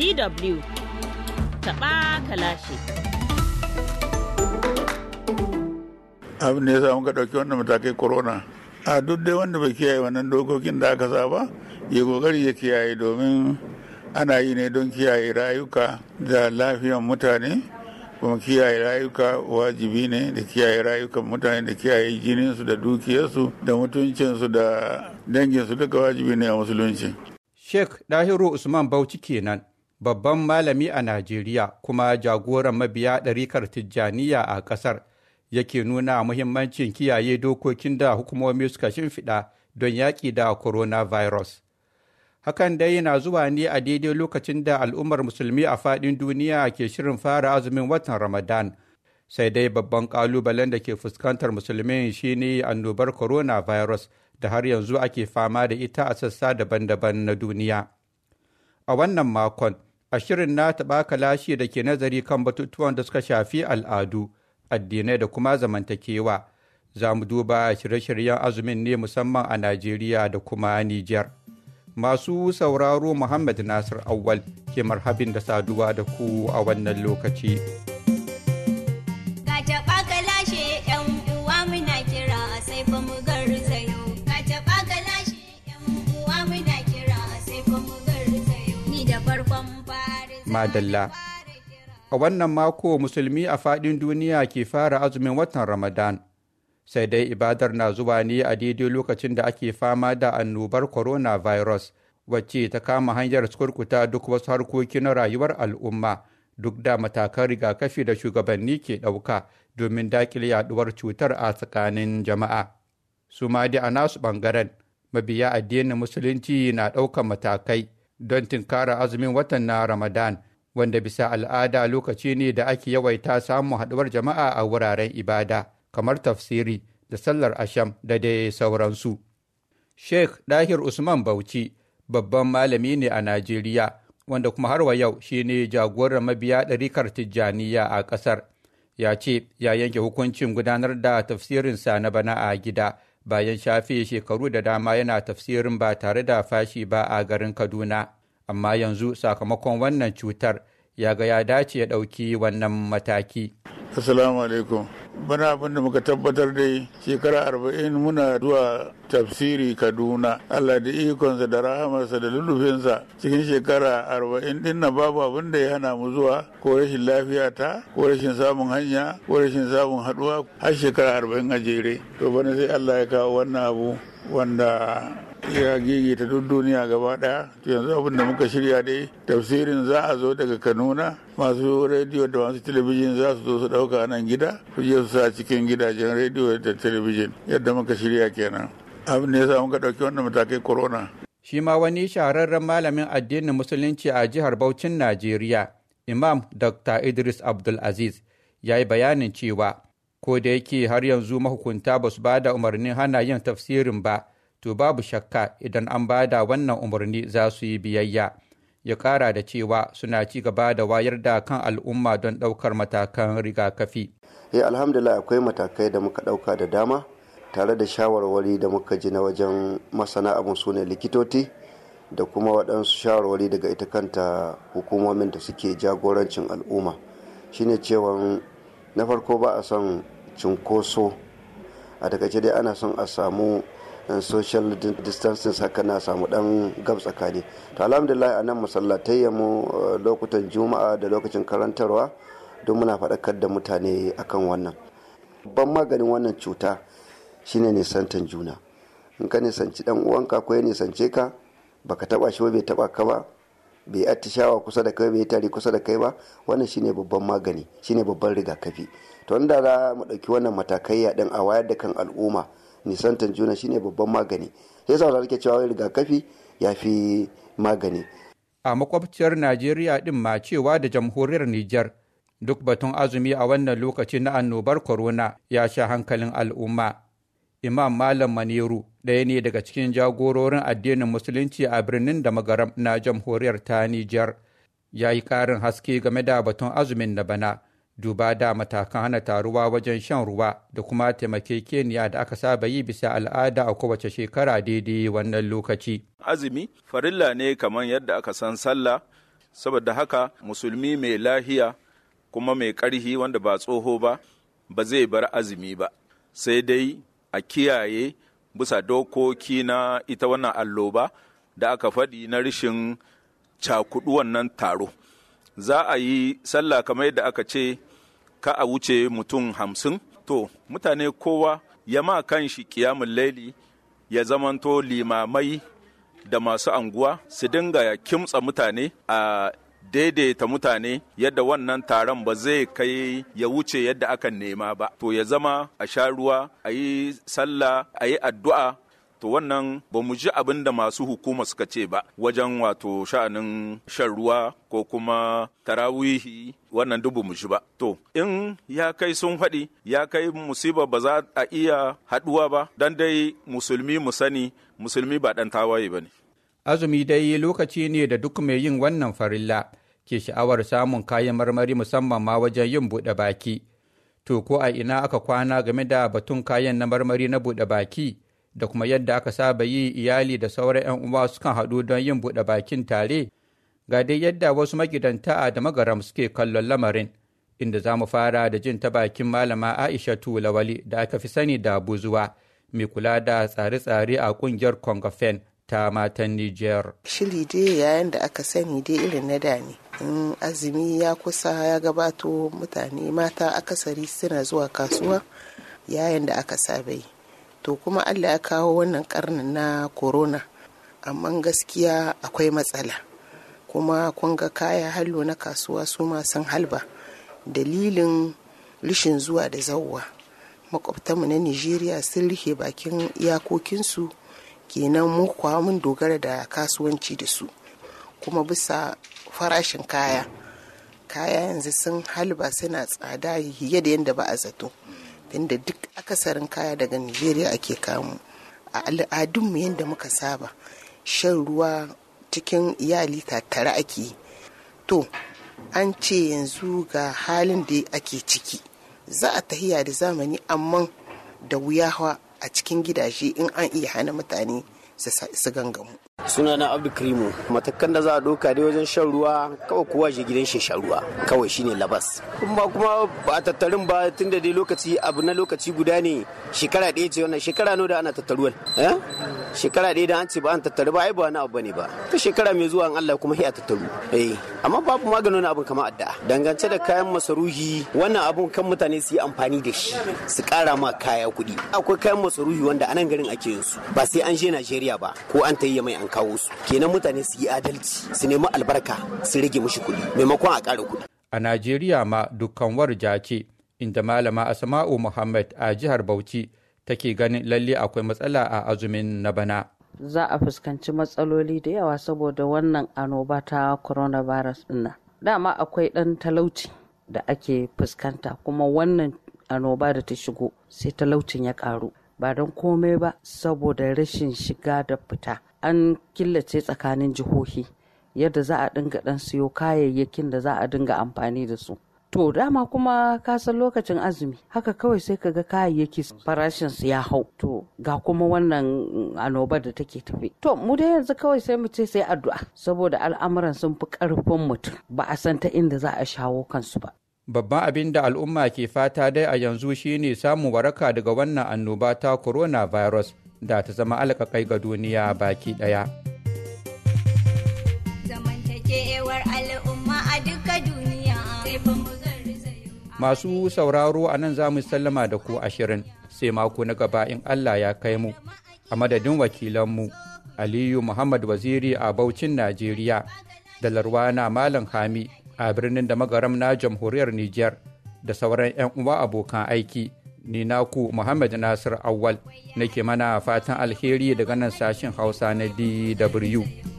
DW taɓa kalashe. Abin da ya samu ka ɗauki wannan matakai korona A duk dai wanda bai kiyaye wannan dokokin da aka saba, ya kokari ya kiyaye domin ana yi ne don kiyaye rayuka da lafiyan mutane kuma kiyaye rayuka wajibi ne da kiyaye rayukan mutane da kiyaye jininsu da dukiyarsu da mutuncinsu da danginsu duka wajibi ne a musulunci. Sheikh Dahiru Usman Bauchi kenan babban malami a Najeriya kuma jagoran mabiya ɗarikar Tijjaniya a ƙasar yake nuna muhimmancin kiyaye dokokin da hukumomi suka shimfiɗa don yaƙi da coronavirus. Hakan dai yana zuwa ne a daidai lokacin da al'ummar musulmi a faɗin duniya ke shirin fara azumin watan Ramadan. Sai dai babban ƙalubalen da ke fuskantar musulmi shine annobar coronavirus da har yanzu ake fama da ita a sassa daban-daban na duniya. A wannan makon, a shirin na taɓa kalashi da ke nazari kan batutuwan da suka shafi al'adu addinai da kuma zamantakewa za mu duba shirye-shiryen azumin ne musamman a najeriya da kuma nijar masu sauraro muhammad nasir awwal ke marhabin da saduwa da ku a wannan lokaci. madalla a wannan mako musulmi a faɗin duniya ke fara azumin watan ramadan sai dai ibadar na zuwa ne a daidai lokacin da ake fama da annobar coronavirus wacce ta kama hanyar kurkuta duk wasu harkoki na rayuwar al'umma duk da matakan rigakafi da shugabanni ke ɗauka domin daƙile yaɗuwar cutar a tsakanin jama'a. Su ma a nasu ɓangaren mabiya addinin musulunci na ɗaukan matakai don tinkara azumin watan na Ramadan, wanda bisa al'ada lokaci ne da ake yawaita samun haɗuwar jama'a a wuraren ibada, kamar tafsiri da sallar asham da dai sauransu. Sheikh Dahir Usman Bauchi, babban malami ne a Najeriya, wanda kuma har wa yau shi ne jagoran mabiya ɗarikar Tijjaniya a ƙasar. Ya ce ya yanke hukuncin gudanar da tafsirinsa na bana a gida bayan shafe shekaru da dama yana tafsirin ba tare da fashi ba a garin Kaduna. amma yanzu sakamakon wannan cutar ya ga ya dace ya ɗauki wannan mataki. Assalamu alaikum. Bana abin da muka tabbatar dai shekara arba'in muna zuwa tafsiri Kaduna. Allah da ikonsa da rahamarsa da lulufinsa cikin shekara arba'in din na babu abin da ya hana mu zuwa ko rashin lafiya ta ko rashin samun hanya ko rashin samun haɗuwa har shekara arba'in a jere. To bana sai Allah ya kawo wannan abu wanda ya ta duk duniya gaba daya yanzu abin da muka shirya dai tafsirin za a zo daga kanuna masu rediyo da masu talabijin za su zo su dauka nan gida su je su sa cikin gidajen rediyo da talabijin yadda muka shirya kenan abin da ya sa muka dauki wannan matakai corona shi ma wani shahararren malamin addinin musulunci a jihar Bauchin Najeriya Imam Dr. Idris Abdul Aziz ya yi bayanin cewa ko da yake har yanzu mahukunta ba su bada umarnin hana yin tafsirin ba to babu shakka idan an ba da wannan umarni za su yi biyayya ya kara da cewa suna ci gaba da wayar da kan al'umma don ɗaukar matakan rigakafi. eh alhamdulillah akwai matakai da muka ɗauka da dama tare da shawarwari da muka ji na wajen masana abin su ne likitoci da kuma waɗansu shawarwari daga ita kanta hukumomin da suke jagorancin al'umma shine cewa na farko ba a son cinkoso a takaice dai ana son a samu Eh, social distancing haka na samu dan gab tsakani to alhamdulillah anan nan masallatai mu eh, lokutan juma'a da lokacin karantarwa don muna faɗakar da mutane akan wannan babban maganin wannan cuta shine nisantan juna in ka nisanci dan uwanka ko ya nisance ka baka taba shi ba bai taba ka ba bai attishawa kusa da kai bai tari kusa da kai ba wannan shine babban magani shine babban rigakafi to inda za mu ɗauki wannan matakai ya a wayar da kan al'umma nisantan juna shine babban magani sai sa rike cewa rigakafi ya fi magani a makwabciyar najeriya din ma cewa da jamhuriyar niger duk batun azumi a wannan lokaci na annobar corona ya sha hankalin al'umma imam malam maneru ɗaya ne daga cikin jagororin addinin musulunci a birnin da magaram na jamhuriyar ta niger ya yi ƙarin haske game da batun azumin na bana duba da matakan hana taruwa wajen shan ruwa da kuma keniya da aka saba yi bisa al'ada a kowace shekara daidai wannan lokaci. Azumi farilla ne kamar yadda aka san sallah saboda haka musulmi mai lahiya kuma mai ƙarhi wanda ba tsoho ba ba zai bar azumi ba sai dai a kiyaye bisa dokoki na ita wannan alloba da aka faɗi na rashin cakuɗu wannan taro za a yi sallah kamar yadda aka ce ka a wuce mutum hamsin to mutane kowa ya ma kan shi kiyamun laili ya zamanto limamai da masu anguwa su dinga kimtsa mutane a daidaita mutane yadda wannan taron ba zai kai ya wuce yadda aka nema ba to ya zama a sha ruwa a yi sallah a yi addu'a to wannan ba mu ji abin da masu hukuma suka ce ba wajen wato sha'anin shan ruwa ko kuma tarawihi wannan dubu mu ji ba to in ya kai sun faɗi ya kai musiba ba za a iya haɗuwa ba dan dai musulmi mu sani musulmi ba ɗan tawaye ba ne azumi dai lokaci ne da duk mai yin wannan farilla ke sha'awar samun kayan marmari musamman ma wajen yin buɗe baki to ko a ina aka kwana game da batun kayan na marmari na buɗe baki da kuma yadda aka saba yi iyali da sauran 'yan uwa sukan haɗu don yin buɗe bakin tare ga dai yadda wasu magidanta da magaram suke kallon lamarin inda za mu fara da jin ta bakin malama aisha tulawali da aka fi sani da buzuwa mai kula da tsare-tsare a ƙungiyar kongofen ta matan niger shiri dai yayin da aka sani dai irin na da ne in azumi ya kusa ya gabato mutane mata akasari suna zuwa kasuwa yayin da aka saba yi to kuma allah ya kawo wannan karnin na corona amma gaskiya akwai matsala kuma kun kaya hallo na kasuwa su ma sun halba dalilin rishin zuwa da zauwa makwabtanmu na nigeria sun rike bakin iyakokinsu kenan mu kwa mun dogara da kasuwanci da su kuma bisa farashin kaya kaya yanzu sun halba suna tsada fiye da yadda ba a zato inda duk akasarin kaya daga nigeria ake kamu a al'adunmu yadda muka saba shan ruwa cikin iyali tattare ake yi to an ce yanzu ga halin da ake ciki za a tahiya da zamani amma da wuyawa a cikin gidaje in an iya hana mutane su gangamu suna na abu krimu matakan da za a doka dai wajen shan ruwa kawai kowa shi gidan shi shan ruwa kawai shine labas kuma kuma ba tattarin ba da dai lokaci abu na lokaci guda ne shekara ɗaya ce wannan shekara no da ana tattaruwan eh? shekara ɗaya da an ce ba an tattaru ba ai ba wani abu bane ba ta shekara mai zuwa an Allah kuma sai a tattaru eh amma babu maganin abin kamar addu'a dangance da kayan masaruhi wannan abun kan mutane su yi amfani da shi su kara ma kaya kuɗi akwai kayan masaruhi wanda anan garin ake yin su ba sai an je Najeriya ba ko an ta yi mai an kawo su kenan mutane su yi adalci su nemi albarka su rage mushi kuɗi maimakon a ƙara kuɗi a najeriya ma dukkan warja ce inda malama asma'u muhammad a jihar bauchi take ganin lalle akwai matsala a azumin na bana za a fuskanci matsaloli da yawa saboda wannan annoba ta coronavirus dinnan dama akwai ɗan talauci da ake fuskanta kuma wannan annoba da ta shigo sai talaucin ya karu ba don komai ba saboda rashin shiga da fita an killace tsakanin jihohi yadda za a dinga dan siyo kayayyakin da za a dinga amfani da su to dama kuma ka lokacin azumi haka kawai sai ka ga kayayyaki farashin su ya hau to ga kuma wannan annobar da take tafi to mu dai yanzu kawai sai mu ce sai addu'a saboda al'amuran sun fi karfin mutum ba a san ta inda za a shawo kansu ba babban abin da al'umma ke fata dai a yanzu shine samun waraka daga wannan annoba ta coronavirus da ta zama alƙakai ga duniya baki ɗaya. Masu sauraro a nan za mu sallama da ku ashirin sai mako na gaba in Allah ya kai mu a madadin wakilanmu Aliyu Muhammad Waziri a Baucin Najeriya da Larwana Malam Hami a birnin da magaram na jamhuriyar Nijar da sauran 'yan uwa abokan aiki. ni naku Muhammad Nasir Awal nake mana fatan alheri daga nan sashin Hausa na DW.